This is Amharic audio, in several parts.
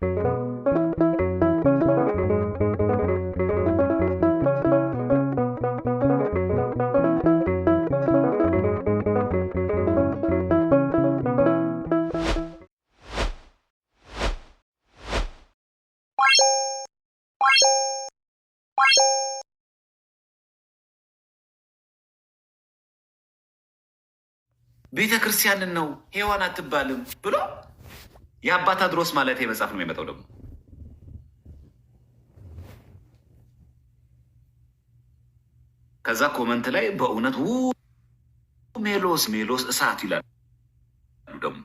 ቤተ ክርስቲያንን ነው ሔዋን አትባልም ብሎ የአባታ ድሮስ ማለት መጽሐፍ ነው የሚመጣው ደግሞ ከዛ ኮመንት ላይ በእውነት ሜሎስ ሜሎስ እሳት ይላል ደግሞ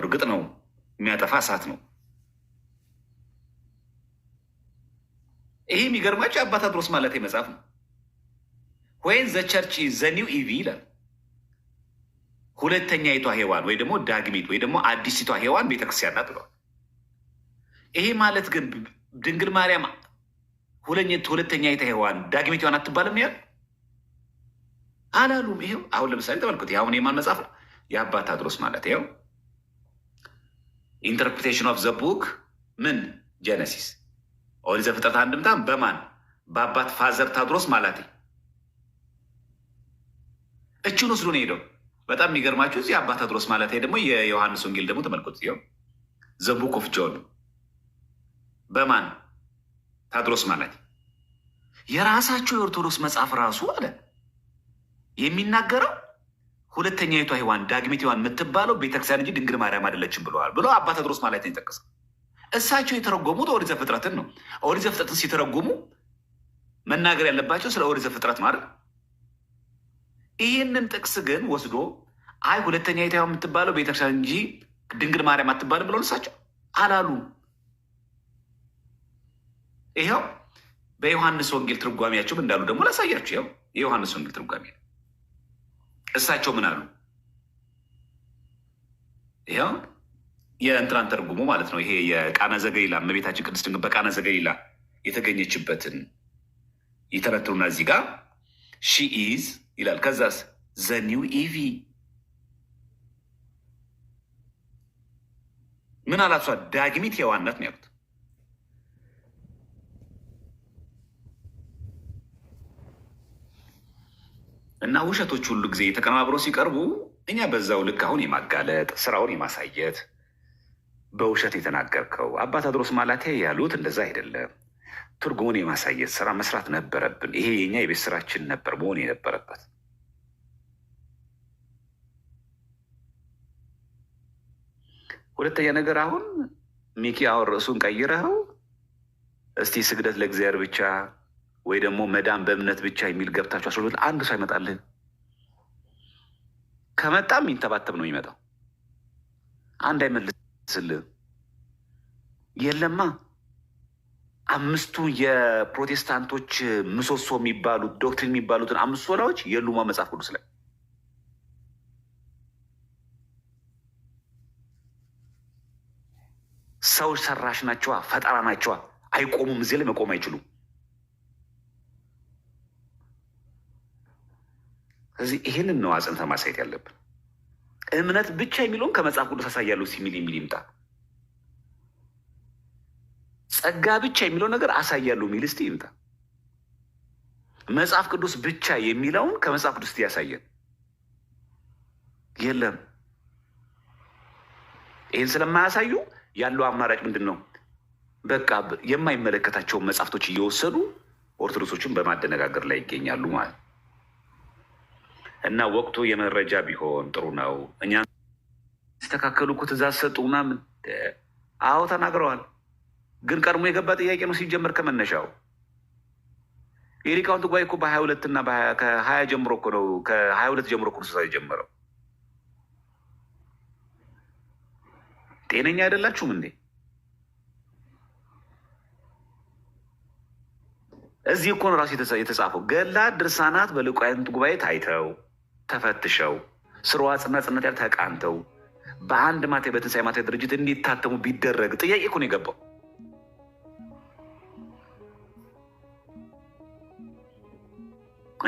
እርግጥ ነው የሚያጠፋ እሳት ነው። ይሄ የሚገርማቸው የአባታ ድሮስ ማለት መጽሐፍ ነው ወይን ዘ ቸርች ኢቪ ይላል። ሁለተኛ ይቷ ሔዋን ወይ ደግሞ ዳግሚት ወይ ደግሞ አዲሲቷ ሔዋን ቤተክርስቲያን ናት ብሏል። ይሄ ማለት ግን ድንግል ማርያም ሁለተኛ ይቷ ሔዋን ዳግሚት ሔዋን አትባልም ያል አላሉም። ይሄው አሁን ለምሳሌ ተመልኩት። አሁን የማን መጽሐፍ ነው? የአባት አድሮስ ማለት ይኸው ኢንተርፕሬቴሽን ኦፍ ዘ ቡክ ምን ጀነሲስ ኦሪት ዘፍጥረት አንድምታ በማን በአባት ፋዘር ታድሮስ ማለት እችን ወስዶ ነው ሄደው በጣም የሚገርማችሁ እዚህ አባ ተድሮስ ማለት ደግሞ የዮሐንስ ወንጌል ደግሞ ተመልኮት ው ዘቡክ ኦፍ ጆን በማን ታድሮስ ማለት የራሳቸው የኦርቶዶክስ መጽሐፍ ራሱ አለ የሚናገረው ሁለተኛ ሁለተኛይቱ ሔዋን ዳግሚት ሔዋን የምትባለው ቤተክርስቲያን እንጂ ድንግል ማርያም አይደለችም ብለዋል ብሎ አባ ተድሮስ ማለት ነው የጠቀሰው። እሳቸው የተረጎሙት ኦሪት ዘፍጥረትን ነው። ኦሪት ዘፍጥረትን ሲተረጉሙ መናገር ያለባቸው ስለ ኦሪት ዘፍጥረት ማለት ይህንን ጥቅስ ግን ወስዶ አይ ሁለተኛ የታ የምትባለው ቤተክርስቲያን እንጂ ድንግል ማርያም አትባልም ብለው ልሳቸው አላሉ። ይኸው በዮሐንስ ወንጌል ትርጓሜያቸው እንዳሉ ደግሞ ላሳያችሁ። ይኸው የዮሐንስ ወንጌል ትርጓሜ እሳቸው ምን አሉ? ይኸው የእንትናን ተርጉሞ ማለት ነው። ይሄ የቃና ዘገሊላ እመቤታችን ቅድስት ድንግል በቃና ዘገሊላ የተገኘችበትን ይተነትኑና እዚህ ጋር ሺ ኢዝ ይላል። ከዛስ ዘኒው ኢቪ ምን አላሷ ዳግሚት የዋነት ነው ያሉት። እና ውሸቶች ሁሉ ጊዜ ተቀነባብረው ሲቀርቡ እኛ በዛው ልክ አሁን የማጋለጥ ስራውን የማሳየት በውሸት የተናገርከው አባት አድሮስ ማላቴ ያሉት እንደዛ አይደለም። ትርጉሙን የማሳየት ስራ መስራት ነበረብን። ይሄ የኛ የቤት ስራችን ነበር መሆን የነበረበት። ሁለተኛ ነገር አሁን ሚኪ አሁን ርዕሱን ቀይረኸው እስቲ ስግደት ለእግዚአብሔር ብቻ ወይ ደግሞ መዳን በእምነት ብቻ የሚል ገብታችሁ አስብሎት አንድ ሰው አይመጣልህም። ከመጣም የሚንተባተብ ነው የሚመጣው። አንድ አይመልስልህም። የለማ አምስቱ የፕሮቴስታንቶች ምሰሶ የሚባሉት ዶክትሪን የሚባሉትን አምስት ሶላዎች የሉማ መጽሐፍ ቅዱስ ላይ ሰዎች ሰራሽ ናቸዋ፣ ፈጠራ ናቸዋ። አይቆሙም፣ እዚህ ላይ መቆም አይችሉም። ስለዚህ ይህንን ነው አጽንተ ማሳየት ያለብን። እምነት ብቻ የሚለውን ከመጽሐፍ ቅዱስ አሳያለሁ ሲሚል የሚል ይምጣ። ጸጋ ብቻ የሚለው ነገር አሳያለሁ የሚል እስቲ ይምጣ። መጽሐፍ ቅዱስ ብቻ የሚለውን ከመጽሐፍ ቅዱስ ያሳየን የለም። ይህን ስለማያሳዩ ያለው አማራጭ ምንድን ነው? በቃ የማይመለከታቸውን መጽሐፍቶች እየወሰዱ ኦርቶዶክሶችን በማደነጋገር ላይ ይገኛሉ ማለት እና ወቅቱ የመረጃ ቢሆን ጥሩ ነው። እኛ ተስተካከሉ እኮ ትእዛዝ ሰጡ ምናምን አዎ ተናግረዋል። ግን ቀድሞ የገባ ጥያቄ ነው ሲጀመር ከመነሻው የሊቃውንት ጉባኤ እኮ በሀያ ሁለት እና ከሀያ ጀምሮ እኮ ነው ከሀያ ሁለት ጀምሮ እኮ ስሳ የጀመረው። ጤነኛ አይደላችሁም እንዴ? እዚህ እኮ ነው ራሱ የተጻፈው። ገላ ድርሳናት በሊቃውንት ጉባኤ ታይተው ተፈትሸው ጽና ጽነት ያል ተቃንተው በአንድ ማታ በትንሣኤ ማታ ድርጅት እንዲታተሙ ቢደረግ ጥያቄ እኮ ነው የገባው።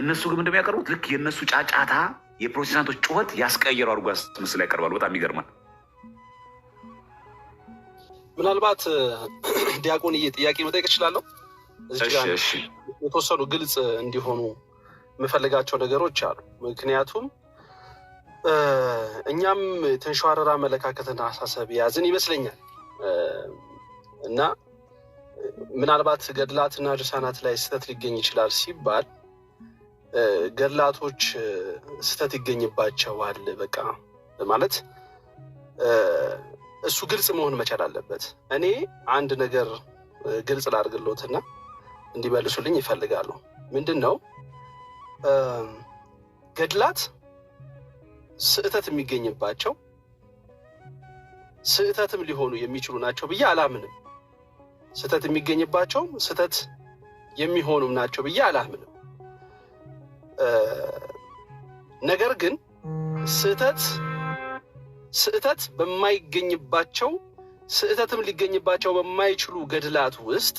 እነሱ ግን ምንድን ያቀርቡት ልክ የእነሱ ጫጫታ የፕሮቴስታንቶች ጩኸት ያስቀየሩ አድርጎ ምስል ያቀርባሉ። በጣም ይገርማል። ምናልባት ዲያቆንዬ ጥያቄ መጠየቅ እችላለሁ? የተወሰኑ ግልጽ እንዲሆኑ የምፈልጋቸው ነገሮች አሉ። ምክንያቱም እኛም የተንሸዋረረ አመለካከትና አሳሰብ የያዝን ይመስለኛል እና ምናልባት ገድላትና ድርሳናት ላይ ስህተት ሊገኝ ይችላል ሲባል ገድላቶች ስህተት ይገኝባቸዋል። በቃ ማለት እሱ ግልጽ መሆን መቻል አለበት። እኔ አንድ ነገር ግልጽ ላድርግሎትና እንዲመልሱልኝ ይፈልጋሉ። ምንድን ነው ገድላት ስህተት የሚገኝባቸው ስህተትም ሊሆኑ የሚችሉ ናቸው ብዬ አላምንም። ስህተት የሚገኝባቸውም ስህተት የሚሆኑም ናቸው ብዬ አላምንም። ነገር ግን ስህተት ስህተት በማይገኝባቸው ስህተትም ሊገኝባቸው በማይችሉ ገድላት ውስጥ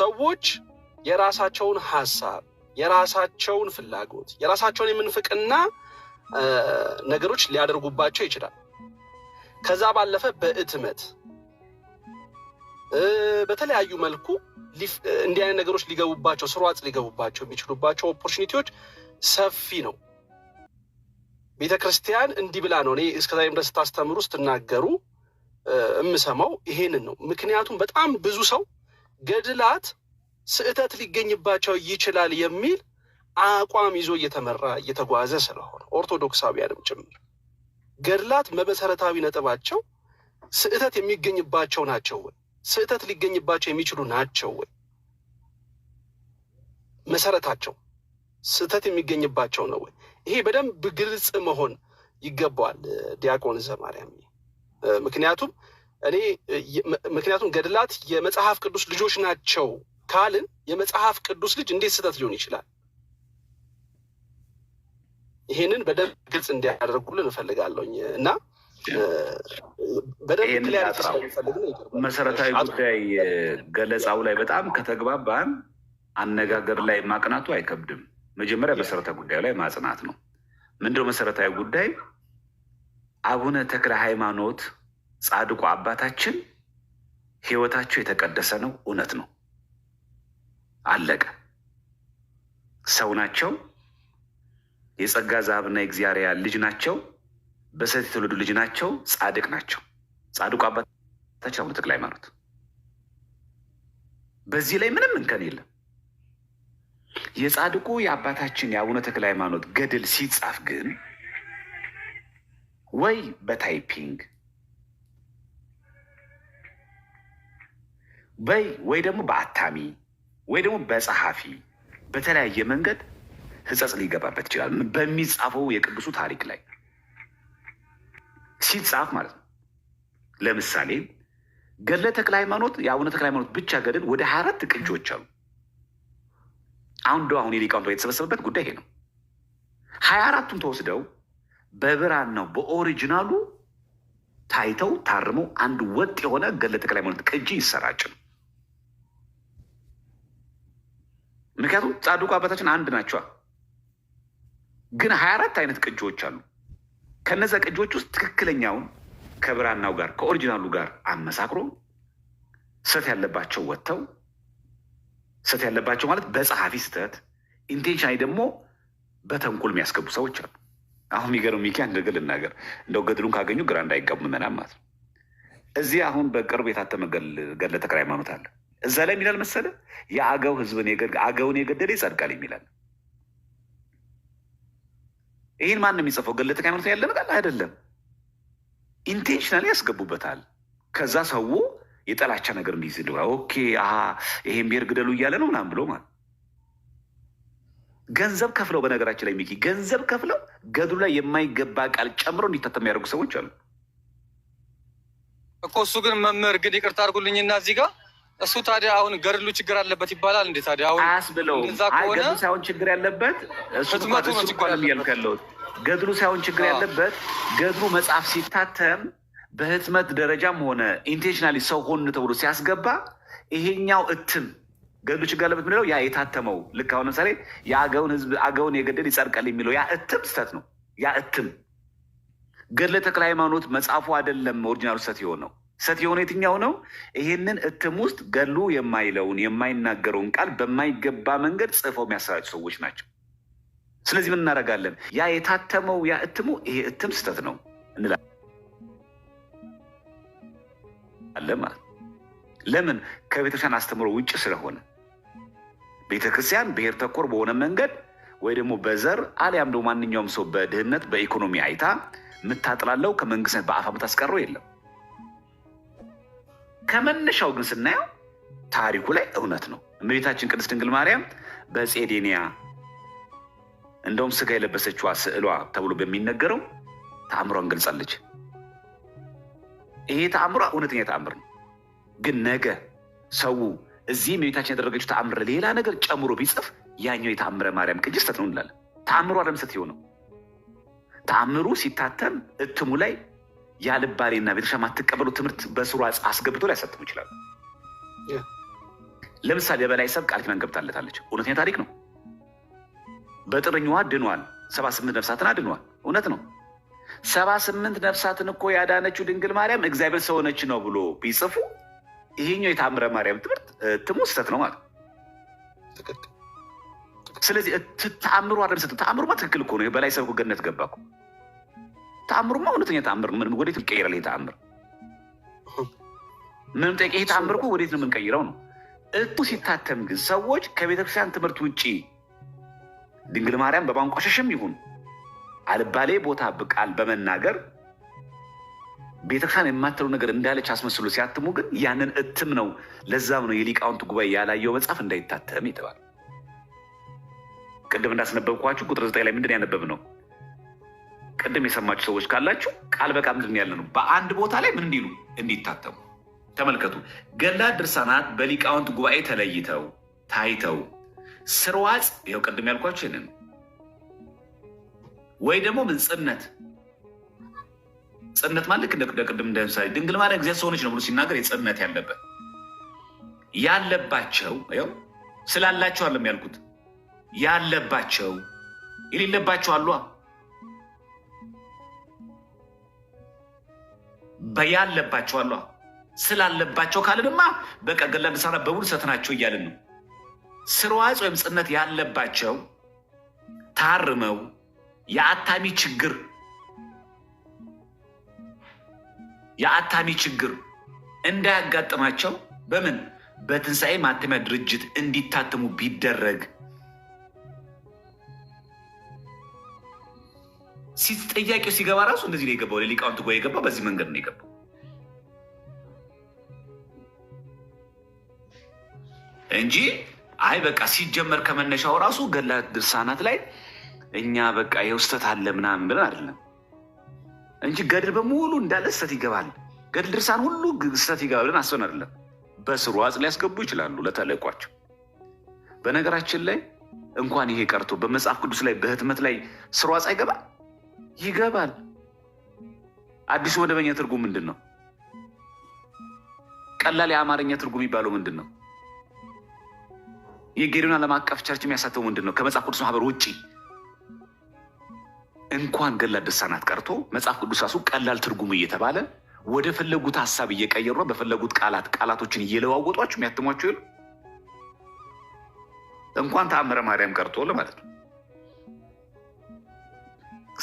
ሰዎች የራሳቸውን ሀሳብ፣ የራሳቸውን ፍላጎት፣ የራሳቸውን የምንፍቅና ነገሮች ሊያደርጉባቸው ይችላል። ከዛ ባለፈ በእትመት በተለያዩ መልኩ እንዲህ አይነት ነገሮች ሊገቡባቸው ስሯጥ ሊገቡባቸው የሚችሉባቸው ኦፖርቹኒቲዎች ሰፊ ነው። ቤተ ክርስቲያን እንዲህ ብላ ነው እኔ እስከዛሬም ድረስ ስታስተምሩ ስትናገሩ የምሰማው ይሄንን ነው። ምክንያቱም በጣም ብዙ ሰው ገድላት ስህተት ሊገኝባቸው ይችላል የሚል አቋም ይዞ እየተመራ እየተጓዘ ስለሆነ ኦርቶዶክሳውያንም ጭምር ገድላት መመሰረታዊ ነጥባቸው ስህተት የሚገኝባቸው ናቸው ወይ ስህተት ሊገኝባቸው የሚችሉ ናቸው ወይ? መሰረታቸው ስህተት የሚገኝባቸው ነው ወይ? ይሄ በደንብ ግልጽ መሆን ይገባዋል ዲያቆን ዘማርያም። ምክንያቱም እኔ ምክንያቱም ገድላት የመጽሐፍ ቅዱስ ልጆች ናቸው ካልን የመጽሐፍ ቅዱስ ልጅ እንዴት ስህተት ሊሆን ይችላል? ይሄንን በደንብ ግልጽ እንዲያደርጉልን እፈልጋለሁኝ እና መሰረታዊ ጉዳይ ገለጻው ላይ በጣም ከተግባባን አነጋገር ላይ ማቅናቱ አይከብድም። መጀመሪያ መሰረታዊ ጉዳዩ ላይ ማጽናት ነው። ምንድነው መሰረታዊ ጉዳይ? አቡነ ተክለ ሃይማኖት ጻድቁ አባታችን ህይወታቸው የተቀደሰ ነው። እውነት ነው። አለቀ። ሰው ናቸው። የጸጋ ዛብና የእግዚአብሔር ልጅ ናቸው። በስህተት የተወለዱ ልጅ ናቸው፣ ጻድቅ ናቸው። ጻድቁ አባታቸው አቡነ ተክለ ሃይማኖት። በዚህ ላይ ምንም እንከን የለም። የጻድቁ የአባታችን የአቡነ ተክለ ሃይማኖት ገድል ሲጻፍ ግን ወይ በታይፒንግ በይ ወይ ደግሞ በአታሚ ወይ ደግሞ በጸሐፊ በተለያየ መንገድ ህጸጽ ሊገባበት ይችላል በሚጻፈው የቅዱሱ ታሪክ ላይ ሲጻፍ ማለት ነው። ለምሳሌ ገድለ ተክለ ሃይማኖት የአቡነ ተክለ ሃይማኖት ብቻ ገድል ወደ ሀያ አራት ቅጂዎች አሉ። አሁን ደ አሁን የተሰበሰበበት ጉዳይ ይሄ ነው። ሀያ አራቱን ተወስደው በብራን ነው በኦሪጂናሉ ታይተው ታርመው አንድ ወጥ የሆነ ገድለ ተክለ ሃይማኖት ቅጂ ይሰራጭ ነው። ምክንያቱም ጻድቁ አባታችን አንድ ናቸዋ። ግን ሀያ አራት አይነት ቅጂዎች አሉ። ከነዚ ቅጂዎች ውስጥ ትክክለኛውን ከብራናው ጋር ከኦሪጂናሉ ጋር አመሳክሮ ስህተት ያለባቸው ወጥተው ስህተት ያለባቸው ማለት በጸሐፊ ስህተት ኢንቴንሽናዊ ደግሞ በተንኩል የሚያስገቡ ሰዎች አሉ። አሁን የሚገርም ሚኪ አንድ ነገር ልናገር፣ እንደው ገድሉን ካገኙ ግራ እንዳይጋቡ ምዕመናን ማለት ነው። እዚህ አሁን በቅርብ የታተመ ገድለ ተክለ ሃይማኖት አለ። እዛ ላይ የሚላል መሰለ የአገው ህዝብን አገውን የገደለ ይጸድቃል የሚላል ይህን ማን ነው የሚጽፈው? ገለተ ሃይማኖት ያለ ቃል አይደለም። ኢንቴንሽናል ያስገቡበታል። ከዛ ሰው የጠላቻ ነገር እንዲይዝ ኦኬ፣ ይሄን ብሄር ግደሉ እያለ ነው ምናምን ብሎ ማለት ገንዘብ ከፍለው፣ በነገራችን ላይ ሚኪ ገንዘብ ከፍለው ገድሉ ላይ የማይገባ ቃል ጨምሮ እንዲታተም የሚያደርጉ ሰዎች አሉ እኮ። እሱ ግን መምህር ግን ይቅርታ አድርጉልኝና እዚህ ጋር እሱ ታዲያ አሁን ገድሉ ችግር አለበት ይባላል እንዴ? ታዲያ አሁን አያስብለው። ገድሉ ሳይሆን ችግር ያለበት ህትመቱ ነው ችግር ያለበት ገድሉ ሳይሆን ችግር ያለበት ገድሉ መጽሐፍ ሲታተም በህትመት ደረጃም ሆነ ኢንቴንሽናሊ ሰው ሆን ተብሎ ሲያስገባ ይሄኛው እትም ገድሉ ችግር ያለበት የሚለው ያ የታተመው ልክ አሁን ለምሳሌ የአገውን ህዝብ አገውን የገደል ይጸድቃል የሚለው ያ እትም ስህተት ነው። ያ እትም ገድለ ተክለ ሃይማኖት መጽሐፉ አይደለም ኦሪጂናሉ ስህተት የሆነው ሰት የሆነ የትኛው ነው? ይሄንን እትም ውስጥ ገድሉ የማይለውን የማይናገረውን ቃል በማይገባ መንገድ ጽፈው የሚያሰራጩ ሰዎች ናቸው። ስለዚህ ምን እናደርጋለን? ያ የታተመው ያ እትሙ ይሄ እትም ስህተት ነው እንላለን ማለት ለምን? ከቤተክርስቲያን አስተምሮ ውጭ ስለሆነ ቤተክርስቲያን ብሔር ተኮር በሆነ መንገድ ወይ ደግሞ በዘር አሊያም ደግሞ ማንኛውም ሰው በድህነት በኢኮኖሚ አይታ የምታጥላለው ከመንግስት በአፋ የምታስቀረው የለም። ከመነሻው ግን ስናየው ታሪኩ ላይ እውነት ነው። እመቤታችን ቅድስት ድንግል ማርያም በጼዴንያ እንደውም ስጋ የለበሰችዋ ስዕሏ ተብሎ በሚነገረው ተአምሯን ገልጻለች። ይሄ ተአምሯ እውነተኛ ተአምር ነው። ግን ነገ ሰው እዚህ እመቤታችን ያደረገችው ተአምር ሌላ ነገር ጨምሮ ቢጽፍ ያኛው የተአምረ ማርያም ቅጂ ስህተት ነው እንላለን። ተአምሯ ደምሰት የሆነው ተአምሩ ሲታተም እትሙ ላይ ያልባሌና ልባሌና ቤተሻ ማትቀበሉ ትምህርት በስሩ አስገብቶ ሊያሳትሙ ይችላሉ። ለምሳሌ በላይ ሰብ ቃል ኪዳን ገብታለታለች። እውነተኛ ታሪክ ነው። በጥርኛዋ ድኗል። ሰባ ስምንት ነፍሳትን አድኗል። እውነት ነው። ሰባ ስምንት ነፍሳትን እኮ ያዳነችው ድንግል ማርያም እግዚአብሔር ሰው ሆነች ነው ብሎ ቢጽፉ ይሄኛው የታምረ ማርያም ትምህርት ትሙ ስህተት ነው ማለት ስለዚህ ተአምሩ አለም ተአምሩማ ትክክል እኮ ነው። በላይ ሰብ ገነት ገባ እኮ ተአምሩማ እውነተኛ ተአምር ነው። ምንም ወዴት ይቀይራል? ይሄ ተአምር ምንም ጠቂ ይሄ ተአምር እኮ ወዴት ነው የምንቀይረው ነው እቱ ሲታተም ግን ሰዎች ከቤተክርስቲያን ትምህርት ውጭ ድንግል ማርያም በማንቋሸሽም ይሁን አልባሌ ቦታ ብቃል በመናገር ቤተክርስቲያን የማትለው ነገር እንዳለች አስመስሎ ሲያትሙ ግን ያንን እትም ነው። ለዛም ነው የሊቃውንት ጉባኤ ያላየው መጽሐፍ እንዳይታተም የተባለ። ቅድም እንዳስነበብኳችሁ ቁጥር ዘጠኝ ላይ ምንድን ያነበብ ነው? ቅድም የሰማችሁ ሰዎች ካላችሁ ቃል በቃል ምንድን ያለ ነው። በአንድ ቦታ ላይ ምን እንዲሉ እንዲታተሙ ተመልከቱ። ገላ ድርሳናት በሊቃውንት ጉባኤ ተለይተው ታይተው ስርዋጽ፣ ይኸው ቅድም ያልኳቸው ይንን ወይ ደግሞ ምን ጽነት ጽነት ማለት ልክ እንደ ቅድም እንደምሳሌ ድንግል ማርያም እግዚአብሔር ሰው ሆነች ነው ብሎ ሲናገር የጽነት ያለበት ያለባቸው ው ስላላቸው አለም ያልኩት ያለባቸው የሌለባቸው አሏ በያለባቸው አሏ ስላለባቸው ካለ ድማ በቃ ገድላ ንስሐ በሙሉ ሰት ናቸው እያልን ነው። ስርዋጽ ወይም ጽነት ያለባቸው ታርመው የአታሚ ችግር የአታሚ ችግር እንዳያጋጥማቸው በምን በትንሣኤ ማተሚያ ድርጅት እንዲታተሙ ቢደረግ ጥያቄው ሲገባ ራሱ እንደዚህ ነው የገባው። ለሊቃውንት ጓ የገባ በዚህ መንገድ ነው የገባው። እንጂ አይ በቃ ሲጀመር ከመነሻው ራሱ ገላ ድርሳናት ላይ እኛ በቃ የውስተት አለ ምናምን ብለን አይደለም እንጂ ገድል በሙሉ እንዳለ ስተት ይገባል። ገድል ድርሳን ሁሉ ስተት ይገባል ብለን አስበን አይደለም። በስሩ አጽ ሊያስገቡ ይችላሉ ለተለቋቸው። በነገራችን ላይ እንኳን ይሄ ቀርቶ በመጽሐፍ ቅዱስ ላይ በህትመት ላይ ስሩ አጽ አይገባል ይገባል። አዲሱ መደበኛ ትርጉም ምንድን ነው? ቀላል የአማርኛ ትርጉም የሚባለው ምንድን ነው? የጌዴዮን ዓለም አቀፍ ቸርች የሚያሳተው ምንድን ነው? ከመጽሐፍ ቅዱስ ማህበር ውጭ እንኳን ገላ ድርሳናት ቀርቶ መጽሐፍ ቅዱስ ራሱ ቀላል ትርጉም እየተባለ ወደ ፈለጉት ሀሳብ እየቀየሩ ነው። በፈለጉት ቃላት ቃላቶችን እየለዋወጧቸው የሚያትሟቸው ይሉ እንኳን ተአምረ ማርያም ቀርቶ ለማለት ነው።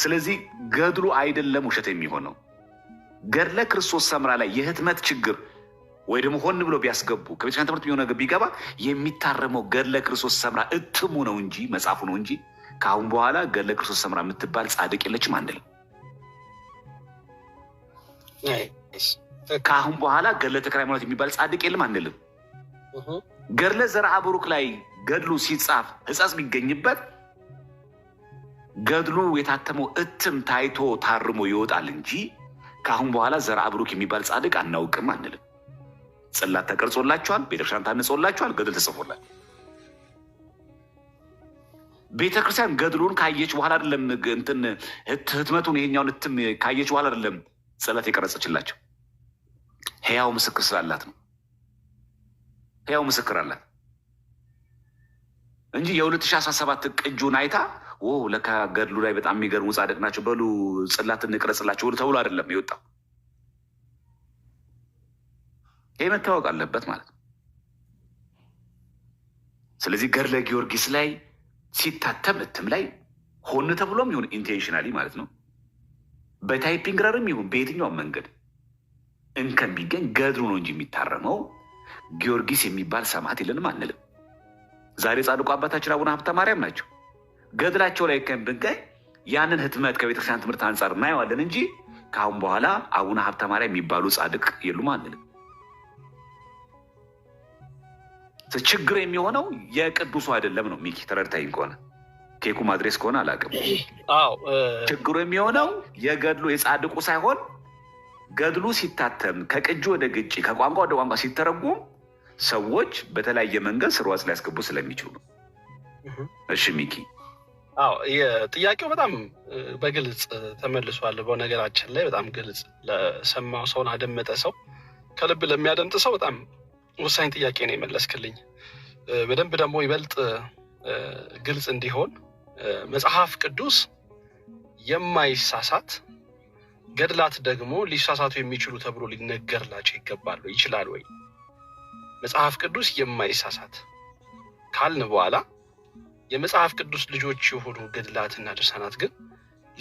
ስለዚህ ገድሉ አይደለም ውሸት የሚሆነው ገድለ ክርስቶስ ሰምራ ላይ የህትመት ችግር ወይ ደግሞ ሆን ብሎ ቢያስገቡ ከቤተክርስቲያን ትምህርት የሆነ ቢገባ የሚታረመው ገድለ ክርስቶስ ሰምራ እትሙ ነው እንጂ መጽሐፉ ነው እንጂ ከአሁን በኋላ ገድለ ክርስቶስ ሰምራ የምትባል ጻድቅ የለችም አንልም። ከአሁን በኋላ ገድለ ተክለ ሃይማኖት የሚባል ጻድቅ የለም አንልም። ገድለ ዘርአ ቡሩክ ላይ ገድሉ ሲጻፍ ህጻጽ ቢገኝበት ገድሉ የታተመው እትም ታይቶ ታርሞ ይወጣል እንጂ ከአሁን በኋላ ዘራ ብሩክ የሚባል ጻድቅ አናውቅም አንልም። ጽላት ተቀርጾላችኋል፣ ቤተክርስቲያን ታንጾላችኋል፣ ገድል ተጽፎላል። ቤተክርስቲያን ገድሉን ካየች በኋላ አይደለም እንትን ህትመቱን ይሄኛውን እትም ካየች በኋላ አይደለም ጽላት የቀረጸችላቸው ሕያው ምስክር ስላላት ነው። ሕያው ምስክር አላት እንጂ የ2017 ቅጁን አይታ ኦ ለካ ገድሉ ላይ በጣም የሚገርሙ ጻድቅ ናቸው፣ በሉ ጽላት እንቅረጽላቸው ብሎ ተብሎ አይደለም የወጣው። ይህ መታወቅ አለበት ማለት ነው። ስለዚህ ገድለ ጊዮርጊስ ላይ ሲታተም እትም ላይ ሆን ተብሎም ይሁን ኢንቴንሽናሊ ማለት ነው በታይፒንግ ረርም ይሁን በየትኛውም መንገድ እንከን ቢገኝ ገድሩ ነው እንጂ የሚታረመው ጊዮርጊስ የሚባል ሰማዕት የለንም አንልም። ዛሬ ጻድቁ አባታችን አቡነ ሀብተ ማርያም ናቸው። ገድላቸው ላይ ከም ብንቀኝ ያንን ህትመት ከቤተክርስቲያን ትምህርት አንጻር እናየዋለን እንጂ ከአሁን በኋላ አቡነ ሀብተ ማርያም የሚባሉ ጻድቅ የሉም አንልም። ችግር የሚሆነው የቅዱሱ አይደለም ነው። ሚኪ ተረድታይን ከሆነ ኬኩ ማድሬስ ከሆነ አላውቅም። ችግሩ የሚሆነው የገድሉ የጻድቁ ሳይሆን ገድሉ ሲታተም ከቅጂ ወደ ግጭ ከቋንቋ ወደ ቋንቋ ሲተረጉም ሰዎች በተለያየ መንገድ ስርዋጽ ሊያስገቡ ስለሚችሉ ነው። እሺ ሚኪ አዎ ጥያቄው በጣም በግልጽ ተመልሷል። በነገራችን ላይ በጣም ግልጽ ለሰማው ሰው አደመጠ ሰው ከልብ ለሚያደምጥ ሰው በጣም ወሳኝ ጥያቄ ነው የመለስክልኝ። በደንብ ደግሞ ይበልጥ ግልጽ እንዲሆን መጽሐፍ ቅዱስ የማይሳሳት ገድላት ደግሞ ሊሳሳቱ የሚችሉ ተብሎ ሊነገርላቸው ይገባሉ ይችላል ወይ? መጽሐፍ ቅዱስ የማይሳሳት ካልን በኋላ የመጽሐፍ ቅዱስ ልጆች የሆኑ ገድላትና ድርሳናት ግን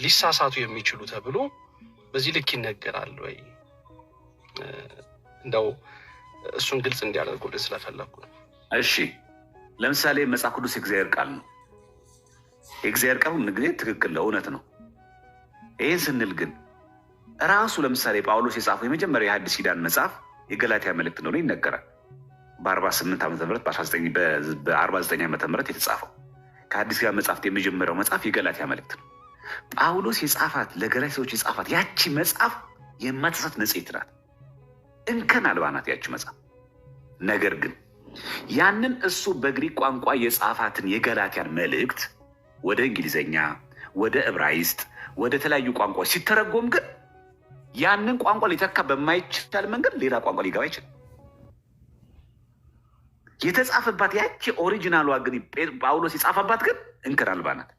ሊሳሳቱ የሚችሉ ተብሎ በዚህ ልክ ይነገራል ወይ? እንደው እሱን ግልጽ እንዲያደርጉልን ስለፈለግኩ ነው። እሺ፣ ለምሳሌ መጽሐፍ ቅዱስ የእግዚአብሔር ቃል ነው። የእግዚአብሔር ቃል ሁል ጊዜ ትክክል ነው፣ እውነት ነው። ይህን ስንል ግን ራሱ ለምሳሌ ጳውሎስ የጻፈው የመጀመሪያ የሐዲስ ኪዳን መጽሐፍ የገላትያ መልእክት እንደሆነ ይነገራል። በ48 ዓ ም በ49 ዓ ም የተጻፈው ከአዲስ ጋር መጽሐፍት የመጀመሪያው መጽሐፍ የገላትያ መልእክት ነው። ጳውሎስ የጻፋት ለገላትያ ሰዎች የጻፋት ያቺ መጽሐፍ የማትሳት መጽሔት ናት። እንከን አልባ ናት ያቺ መጽሐፍ። ነገር ግን ያንን እሱ በግሪክ ቋንቋ የጻፋትን የገላትያን መልእክት ወደ እንግሊዝኛ ወደ ዕብራይስጥ፣ ወደ ተለያዩ ቋንቋዎች ሲተረጎም ግን ያንን ቋንቋ ሊተካ በማይቻል መንገድ ሌላ ቋንቋ ሊገባ ይችላል። የተጻፈባት ያቺ ኦሪጂናሏ ግን ጳውሎስ የጻፈባት ግን እንከን አልባ ናት።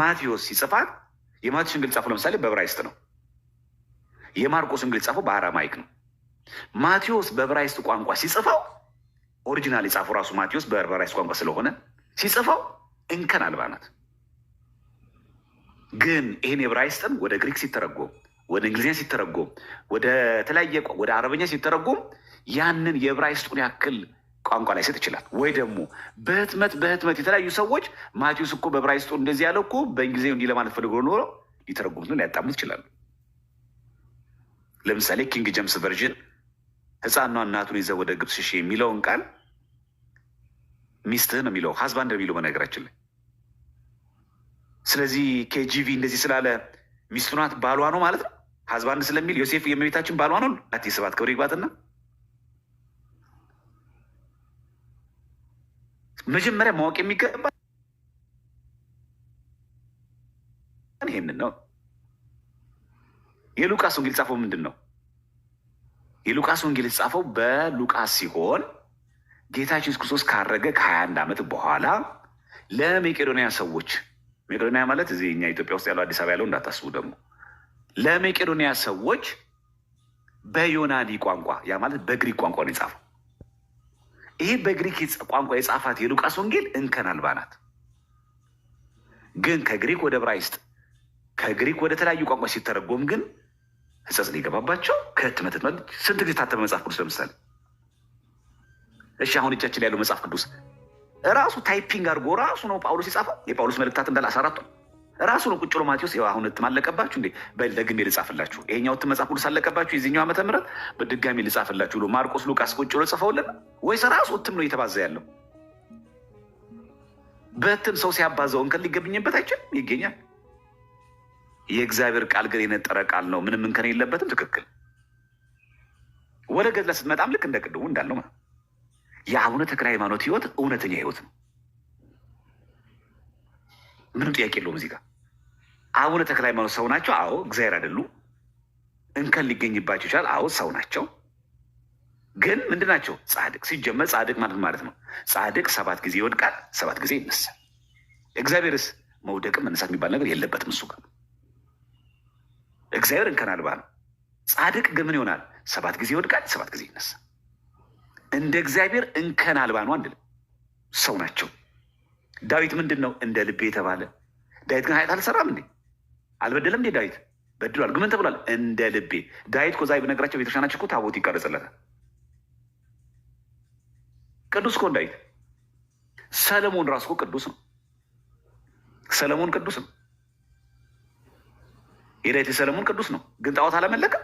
ማቴዎስ ሲጽፋት የማቴዎስ እንግል ጻፈው ለምሳሌ በብራይስት ነው። የማርቆስ እንግል ጻፈው በአራማይክ ነው። ማቴዎስ በብራይስት ቋንቋ ሲጽፈው ኦሪጂናል የጻፈው ራሱ ማቴዎስ በዕብራይስጥ ቋንቋ ስለሆነ ሲጽፈው እንከን አልባ ናት። ግን ይህን የዕብራይስጥን ወደ ግሪክ ሲተረጎም፣ ወደ እንግሊዝኛ ሲተረጎም፣ ወደ ተለያየ ወደ አረበኛ ሲተረጎም ያንን የዕብራይስጡን ያክል ቋንቋ ላይ ላይሰጥ ይችላል። ወይ ደግሞ በህትመት በህትመት የተለያዩ ሰዎች ማቴዎስ እኮ በዕብራይስጡ እንደዚህ ያለው እኮ በእንግሊዝኛው እንዲህ ለማለት ፈልጎ ኖሮ ሊተረጉሙትን ሊያጣሙት ይችላሉ። ለምሳሌ ኪንግ ጀምስ ቨርዥን ህፃኗ እናቱን ይዘ ወደ ግብፅ ሽሽ የሚለውን ቃል ሚስትህ ነው የሚለው ሀዝባንድ የሚለው በነገራችን ላይ ስለዚህ ኬጂቪ እንደዚህ ስላለ ሚስቱ ናት ባሏ ነው ማለት ነው። ሀዝባንድ ስለሚል ዮሴፍ የእመቤታችን ባሏ ነው። የስብሐት ክብር ይግባትና መጀመሪያ ማወቅ የሚገባ ይህንን ነው። የሉቃስ ወንጌል ጻፈው ምንድን ነው? የሉቃስ ወንጌል የተጻፈው በሉቃስ ሲሆን ጌታችን ኢየሱስ ክርስቶስ ካረገ ከሀያ አንድ ዓመት በኋላ ለሜቄዶንያ ሰዎች ሜቄዶንያ ማለት እዚህ እኛ ኢትዮጵያ ውስጥ ያለው አዲስ አበባ ያለው እንዳታስቡ ደግሞ ለሜቄዶንያ ሰዎች በዮናኒ ቋንቋ ያ ማለት በግሪክ ቋንቋ ነው የጻፈው። ይሄ በግሪክ ቋንቋ የጻፋት የሉቃስ ወንጌል እንከን አልባ ናት። ግን ከግሪክ ወደ ዕብራይስጥ ከግሪክ ወደ ተለያዩ ቋንቋ ሲተረጎም ግን ህጸጽ ሊገባባቸው ከህትመት ህትመት ስንት ጊዜ ታተመ መጽሐፍ ቅዱስ ለምሳሌ እሺ አሁን እጃችን ያለው መጽሐፍ ቅዱስ ራሱ ታይፒንግ አድርጎ ራሱ ነው ጳውሎስ የጻፈው የጳውሎስ መልእክታት እንዳለ አስራ አራቱ ራሱ ነው ቁጭሎ ማቴዎስ አሁን እትም አለቀባችሁ እንዴ? በል ደግሜ ልጻፍላችሁ። ይሄኛው እትም መጽሐፍ ቅዱስ አለቀባችሁ፣ የዚህኛው ዓመተ ምህረት በድጋሚ ልጻፍላችሁ ብሎ ማርቆስ፣ ሉቃስ ቁጭሎ ጽፈውልን ወይስ ራሱ እትም ነው እየተባዘ ያለው? በእትም ሰው ሲያባዘው እንከን ሊገብኝበት አይችልም፣ ይገኛል። የእግዚአብሔር ቃል ግን የነጠረ ቃል ነው፣ ምንም እንከን የለበትም። ትክክል። ወደ ገድለ ስትመጣም ልክ እንደ ቅድሙ እንዳለው የአቡነ ተክለ ሃይማኖት ህይወት እውነተኛ ህይወት ነው። ምንም ጥያቄ የለውም። እዚህ ጋር አቡነ ተክለ ሃይማኖት ሰው ናቸው? አዎ። እግዚአብሔር አይደሉ እንከን ሊገኝባቸው ይችላል። አዎ፣ ሰው ናቸው። ግን ምንድን ናቸው? ጻድቅ። ሲጀመር ጻድቅ ማለት ማለት ነው። ጻድቅ ሰባት ጊዜ ይወድቃል፣ ሰባት ጊዜ ይነሳል። እግዚአብሔርስ መውደቅም መነሳት የሚባል ነገር የለበትም። እሱ ጋር እግዚአብሔር እንከን አልባ ነው። ጻድቅ ግን ምን ይሆናል? ሰባት ጊዜ ይወድቃል፣ ሰባት ጊዜ ይነሳል። እንደ እግዚአብሔር እንከን አልባ ነው አንድ ሰው ናቸው። ዳዊት ምንድን ነው እንደ ልቤ የተባለ ዳዊት ግን ኃጢአት አልሰራም እንዴ አልበደለም እንዴ ዳዊት በድሏል ግን ምን ተብሏል እንደ ልቤ ዳዊት ኮዛ ብነግራቸው ቤተክርስቲያናችን እኮ ታቦት ይቀረጽለታል ቅዱስ እኮ ዳዊት ሰለሞን ራሱ እኮ ቅዱስ ነው ሰለሞን ቅዱስ ነው የዳዊት የሰለሞን ቅዱስ ነው ግን ጣዖት አላመለከም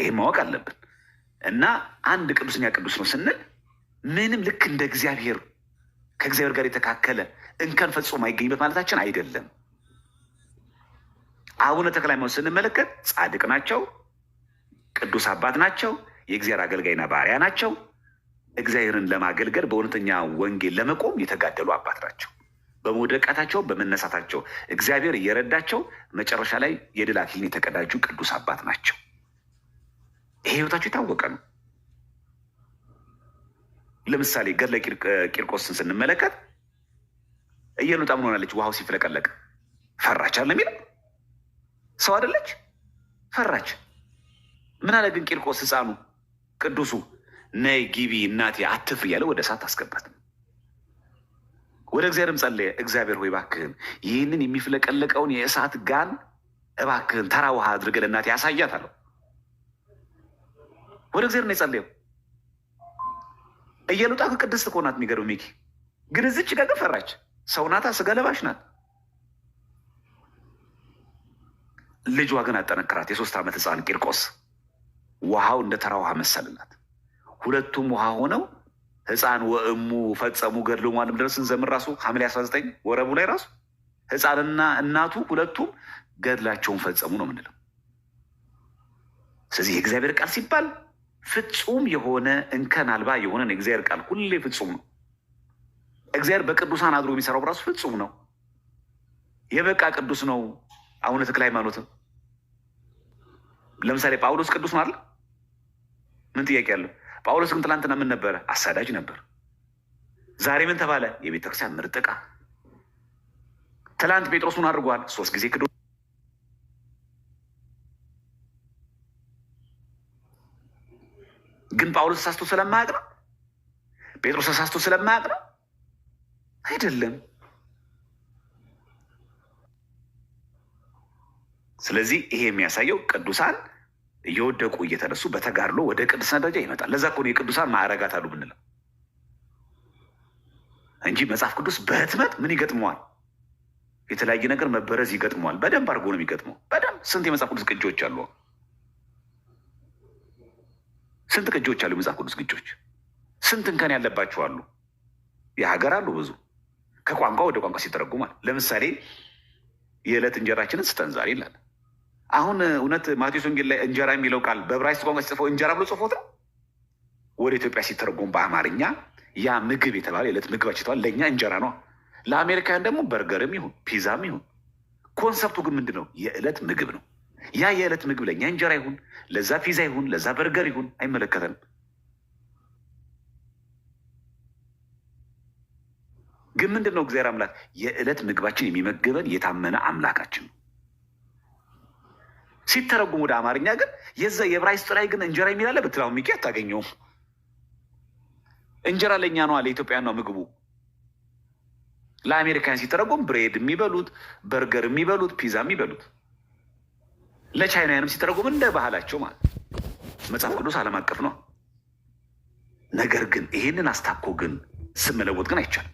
ይሄ ማወቅ አለብን እና አንድ ቅዱስኛ ቅዱስ ነው ስንል ምንም ልክ እንደ እግዚአብሔር ከእግዚአብሔር ጋር የተካከለ እንከን ፈጽሞ አይገኝበት ማለታችን አይደለም። አቡነ ተክለ ሃይማኖት ስንመለከት ጻድቅ ናቸው፣ ቅዱስ አባት ናቸው፣ የእግዚአብሔር አገልጋይና ባሪያ ናቸው። እግዚአብሔርን ለማገልገል በእውነተኛ ወንጌል ለመቆም የተጋደሉ አባት ናቸው። በመውደቃታቸው በመነሳታቸው እግዚአብሔር እየረዳቸው መጨረሻ ላይ የድል አክሊልን የተቀዳጁ ቅዱስ አባት ናቸው። ይሄ ህይወታቸው የታወቀ ነው። ለምሳሌ ገድለ ቂርቆስን ስንመለከት እየሉጣ ምን ሆናለች? ውሃው ሲፍለቀለቅ ፈራች አለ የሚለው ሰው አደለች፣ ፈራች። ምን አለ ግን ቂርቆስ ህፃኑ ቅዱሱ ነይ ጊቢ እናቴ አትፍሪ ያለ ወደ እሳት አስገባት። ወደ እግዚአብሔርም ጸለየ፣ እግዚአብሔር ሆይ እባክህን ይህንን የሚፍለቀለቀውን የእሳት ጋን እባክህን ተራ ውሃ አድርገህ ለእናቴ ያሳያት አለው። ወደ እግዚአብሔር ነው የጸለየው። እየሉጣ ቅድስት እኮ ናት። የሚገርም ሚኪ ግን እዚች ጋር ፈራች። ሰው ናታ፣ ስጋ ለባሽ ናት። ልጇ ግን አጠነክራት። የሶስት ዓመት ህፃን ቂርቆስ ውሃው እንደ ተራ ውሃ መሰልላት። ሁለቱም ውሃ ሆነው ህፃን ወእሙ ፈጸሙ ገድሎ ማለም ድረስ ስንዘምር ራሱ ሐምሌ አስራ ዘጠኝ ወረቡ ላይ ራሱ ህፃንና እናቱ ሁለቱም ገድላቸውን ፈጸሙ ነው ምንለው። ስለዚህ የእግዚአብሔር ቃል ሲባል ፍጹም የሆነ እንከን አልባ የሆነ እግዚአብሔር ቃል ሁሌ ፍጹም ነው። እግዚአብሔር በቅዱሳን አድሮ የሚሰራው በራሱ ፍጹም ነው። የበቃ ቅዱስ ነው። አቡነ ተክለ ሃይማኖትም ለምሳሌ ጳውሎስ ቅዱስ ነው አለ። ምን ጥያቄ አለው? ጳውሎስ ግን ትላንትና ምን ነበረ? አሳዳጅ ነበር። ዛሬ ምን ተባለ? የቤተክርስቲያን ምርጥቃ። ትላንት ጴጥሮስ ምን አድርጓል? ሶስት ጊዜ ክዶ ግን ጳውሎስ ተሳስቶ ስለማያውቅ ነው? ጴጥሮስ ተሳስቶ ስለማያውቅ ነው? አይደለም። ስለዚህ ይሄ የሚያሳየው ቅዱሳን እየወደቁ እየተነሱ በተጋድሎ ወደ ቅዱስና ደረጃ ይመጣል። ለዛ እኮ ነው የቅዱሳን ማዕረጋት አሉ ምንለው እንጂ መጽሐፍ ቅዱስ በህትመት ምን ይገጥመዋል? የተለያየ ነገር መበረዝ ይገጥመዋል። በደንብ አድርጎ ነው የሚገጥመው። በደንብ ስንት የመጽሐፍ ቅዱስ ቅጂዎች አሉ። ስንት ቅጆች አሉ? የመጽሐፍ ቅዱስ ግጆች ስንት እንከን ያለባቸው አሉ። የሀገር አሉ ብዙ ከቋንቋ ወደ ቋንቋ ሲተረጉማል። ለምሳሌ የዕለት እንጀራችንን ስጠን ዛሬ ይላል። አሁን እውነት ማቴዎስ ወንጌል ላይ እንጀራ የሚለው ቃል በዕብራይስጥ ቋንቋ ሲጽፈው እንጀራ ብሎ ጽፎታ ወደ ኢትዮጵያ ሲተረጎም በአማርኛ ያ ምግብ የተባለ የዕለት ምግባችን የተባለ ለእኛ እንጀራ ነው። ለአሜሪካውያን ደግሞ በርገርም ይሁን ፒዛም ይሁን ኮንሰፕቱ ግን ምንድን ነው? የዕለት ምግብ ነው። ያ የዕለት ምግብ ለእኛ እንጀራ ይሁን፣ ለዛ ፒዛ ይሁን፣ ለዛ በርገር ይሁን አይመለከተንም። ግን ምንድን ነው እግዚአብሔር አምላክ የዕለት ምግባችን የሚመግበን የታመነ አምላካችን ነው። ሲተረጉም ወደ አማርኛ ግን የዛ የዕብራይስጥ ላይ ግን እንጀራ የሚላለ አለ። ብትላው ሚኪ አታገኘውም። እንጀራ ለእኛ ነዋ፣ ለኢትዮጵያ ነው ምግቡ። ለአሜሪካን ሲተረጉም ብሬድ የሚበሉት በርገር የሚበሉት ፒዛ የሚበሉት ለቻይናውያንም ሲተረጉም እንደ ባህላቸው ማለት መጽሐፍ ቅዱስ ዓለም አቀፍ ነው። ነገር ግን ይህንን አስታኮ ግን ስመለወጥ ግን አይቻልም።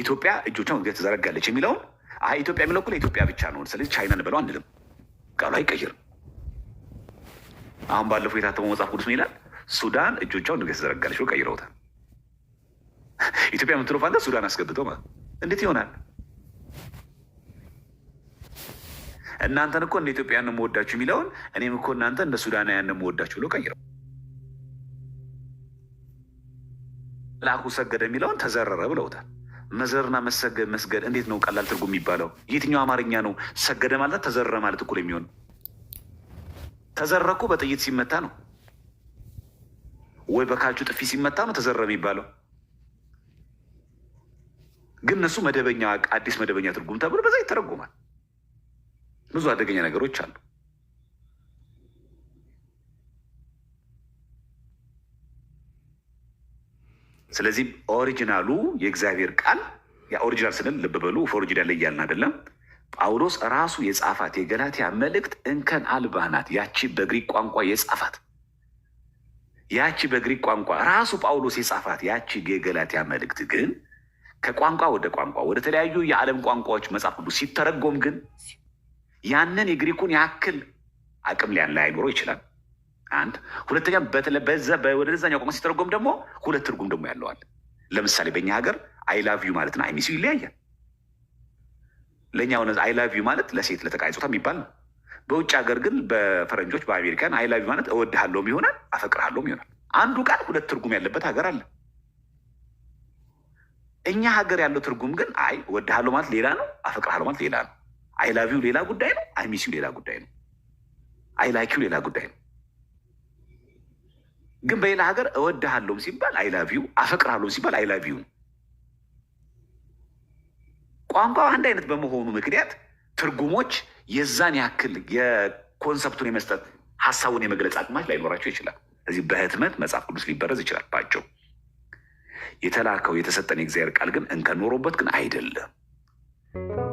ኢትዮጵያ እጆቿን ወደ ተዘረጋለች የሚለውን አይ ኢትዮጵያ የሚለው ለኢትዮጵያ ብቻ ነው። ስለዚህ ቻይና ንበለው አንልም፣ ቃሉ አይቀይርም። አሁን ባለፈው የታተመው መጽሐፍ ቅዱስ ምን ይላል? ሱዳን እጆቿን ወደ ትዘረጋለች ብሎ ቀይረውታል። ኢትዮጵያ የምትለው ፋንታ ሱዳን አስገብተው ማለት እንዴት ይሆናል? እናንተን እኮ እንደ ኢትዮጵያ ነው የምወዳችሁ የሚለውን እኔም እኮ እናንተ እንደ ሱዳናውያን ነው የምወዳችሁ ብሎ ቀይረው ላኩ ሰገደ የሚለውን ተዘረረ ብለውታል። መዘርና መሰገድ መስገድ እንዴት ነው ቀላል ትርጉም የሚባለው? የትኛው አማርኛ ነው? ሰገደ ማለት ተዘረረ ማለት እኩል የሚሆን ተዘረኩ በጥይት ሲመታ ነው ወይ በካልቹ ጥፊ ሲመታ ነው ተዘረረ የሚባለው። ግን እነሱ መደበኛ አዲስ መደበኛ ትርጉም ተብሎ በዛ ይተረጉማል ብዙ አደገኛ ነገሮች አሉ። ስለዚህ ኦሪጂናሉ የእግዚአብሔር ቃል የኦሪጂናል ስንል ልብ በሉ ፎርጅድ እያልን አይደለም። ጳውሎስ ራሱ የጻፋት የገላትያ መልእክት እንከን አልባ ናት። ያቺ በግሪክ ቋንቋ የጻፋት ያቺ በግሪክ ቋንቋ ራሱ ጳውሎስ የጻፋት ያቺ የገላትያ መልእክት ግን ከቋንቋ ወደ ቋንቋ ወደ ተለያዩ የዓለም ቋንቋዎች መጽሐፍ ሁሉ ሲተረጎም ግን ያንን የግሪኩን ያክል አቅም ሊያን ላይኖረው ይችላል። አንድ ሁለተኛ፣ ወደዛኛው ቋንቋ ሲተረጎም ደግሞ ሁለት ትርጉም ደግሞ ያለዋል። ለምሳሌ በእኛ ሀገር አይላቪዩ ማለት አይሚስ ዩ ይለያያል። ለእኛ ሆነ ዩ ማለት ለሴት ለተቃይ ጾታ የሚባል ነው። በውጭ ሀገር ግን በፈረንጆች በአሜሪካን ዩ ማለት እወድሃለሁም ይሆናል አፈቅርሃለሁም ይሆናል። አንዱ ቃል ሁለት ትርጉም ያለበት ሀገር አለ። እኛ ሀገር ያለው ትርጉም ግን አይ እወድሃለሁ ማለት ሌላ ነው፣ አፈቅርሃለሁ ማለት ሌላ ነው። አይላቪው ሌላ ጉዳይ ነው። አይሚሲው ሌላ ጉዳይ ነው። አይላኪው ሌላ ጉዳይ ነው። ግን በሌላ ሀገር እወድሃለሁ ሲባል ዩ፣ አፈቅርሃለሁም ሲባል አይላቪው ነው። ቋንቋው አንድ አይነት በመሆኑ ምክንያት ትርጉሞች የዛን ያክል የኮንሰፕቱን የመስጠት ሀሳቡን የመግለጽ አቅማች ላይኖራቸው ይችላል። እዚህ በህትመት መጽሐፍ ቅዱስ ሊበረዝ ይችላል ባቸው የተላከው የተሰጠን የእግዚአብሔር ቃል ግን እንከኖሮበት ግን አይደለም።